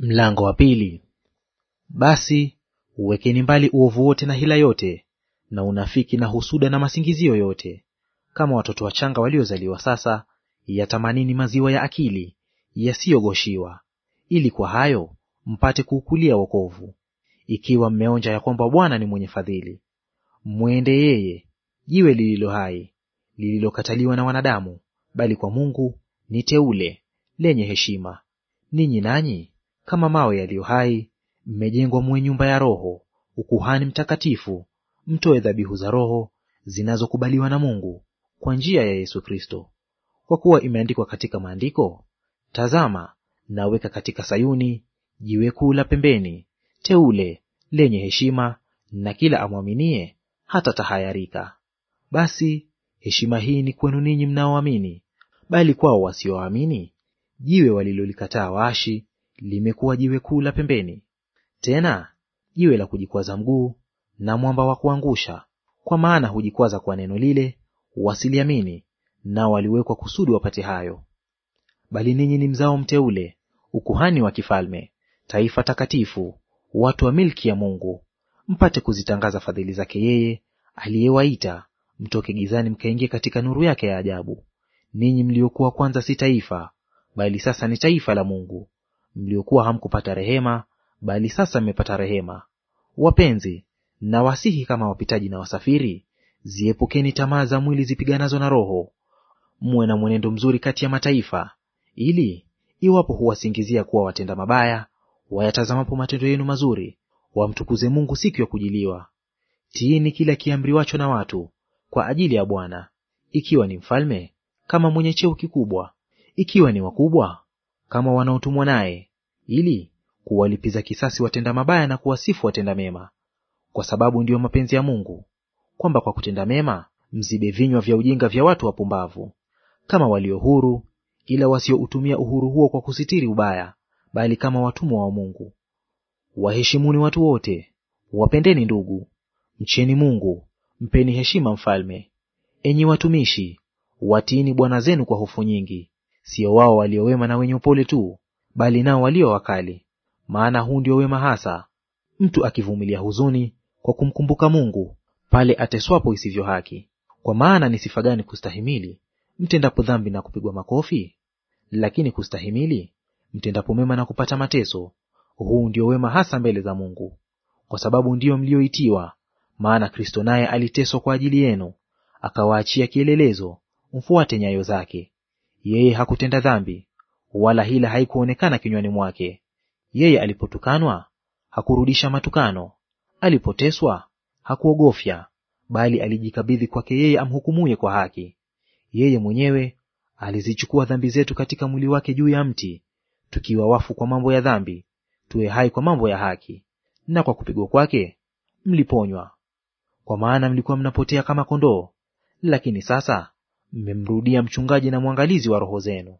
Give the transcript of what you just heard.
Mlango wa pili. Basi uwekeni mbali uovu wote na hila yote na unafiki na husuda na masingizio yote, kama watoto wachanga waliozaliwa sasa, yatamanini maziwa ya akili yasiyogoshiwa, ili kwa hayo mpate kuukulia wokovu, ikiwa mmeonja ya kwamba Bwana ni mwenye fadhili. Mwende yeye, jiwe lililo hai, lililokataliwa na wanadamu, bali kwa Mungu ni teule lenye heshima. Ninyi nanyi kama mawe yaliyo hai, mmejengwa muwe nyumba ya roho, ukuhani mtakatifu, mtoe dhabihu za roho zinazokubaliwa na Mungu kwa njia ya Yesu Kristo. Kwa kuwa imeandikwa katika maandiko, tazama, naweka katika Sayuni jiwe kuu la pembeni, teule lenye heshima, na kila amwaminie hata tahayarika. Basi heshima hii ni kwenu ninyi mnaoamini, bali kwao wasioamini jiwe walilolikataa waashi limekuwa jiwe kuu la pembeni, tena jiwe la kujikwaza mguu na mwamba wa kuangusha. Kwa maana hujikwaza kwa neno lile, wasiliamini; nao waliwekwa kusudi wapate hayo. Bali ninyi ni mzao mteule, ukuhani wa kifalme, taifa takatifu, watu wa milki ya Mungu, mpate kuzitangaza fadhili zake yeye aliyewaita mtoke gizani mkaingie katika nuru yake ya ajabu. Ninyi mliokuwa kwanza si taifa, bali sasa ni taifa la Mungu; mliokuwa hamkupata rehema, bali sasa mmepata rehema. Wapenzi, na wasihi kama wapitaji na wasafiri, ziepukeni tamaa za mwili zipiganazo na roho. Muwe na mwenendo mzuri kati ya mataifa, ili iwapo huwasingizia kuwa watenda mabaya, wayatazamapo matendo yenu mazuri, wamtukuze Mungu siku ya kujiliwa. Tiini kila kiamriwacho na watu kwa ajili ya Bwana, ikiwa ni mfalme kama mwenye cheo kikubwa, ikiwa ni wakubwa kama wanaotumwa naye, ili kuwalipiza kisasi watenda mabaya na kuwasifu watenda mema, kwa sababu ndiyo mapenzi ya Mungu, kwamba kwa kutenda mema mzibe vinywa vya ujinga vya watu wapumbavu, kama walio huru, ila wasioutumia uhuru huo kwa kusitiri ubaya, bali kama watumwa wa Mungu. Waheshimuni watu wote, wapendeni ndugu, mcheni Mungu, mpeni heshima mfalme. Enyi watumishi, watiini bwana zenu kwa hofu nyingi, sio wao walio wema na wenye upole tu, bali nao walio wakali; maana huu ndio wema hasa. Mtu akivumilia huzuni kwa kumkumbuka Mungu, pale ateswapo isivyo haki. Kwa maana ni sifa gani kustahimili mtendapo dhambi na kupigwa makofi? Lakini kustahimili mtendapo mema na kupata mateso, huu ndio wema hasa mbele za Mungu. Kwa sababu ndiyo mlioitiwa, maana Kristo naye aliteswa kwa ajili yenu, akawaachia kielelezo, mfuate nyayo zake yeye hakutenda dhambi, wala hila haikuonekana kinywani mwake. Yeye alipotukanwa hakurudisha matukano, alipoteswa hakuogofya, bali alijikabidhi kwake yeye amhukumuye kwa haki. Yeye mwenyewe alizichukua dhambi zetu katika mwili wake juu ya mti, tukiwa wafu kwa mambo ya dhambi, tuwe hai kwa mambo ya haki. Na kwa kupigwa kwake mliponywa. Kwa maana mlikuwa mnapotea kama kondoo, lakini sasa mmemrudia mchungaji na mwangalizi wa roho zenu.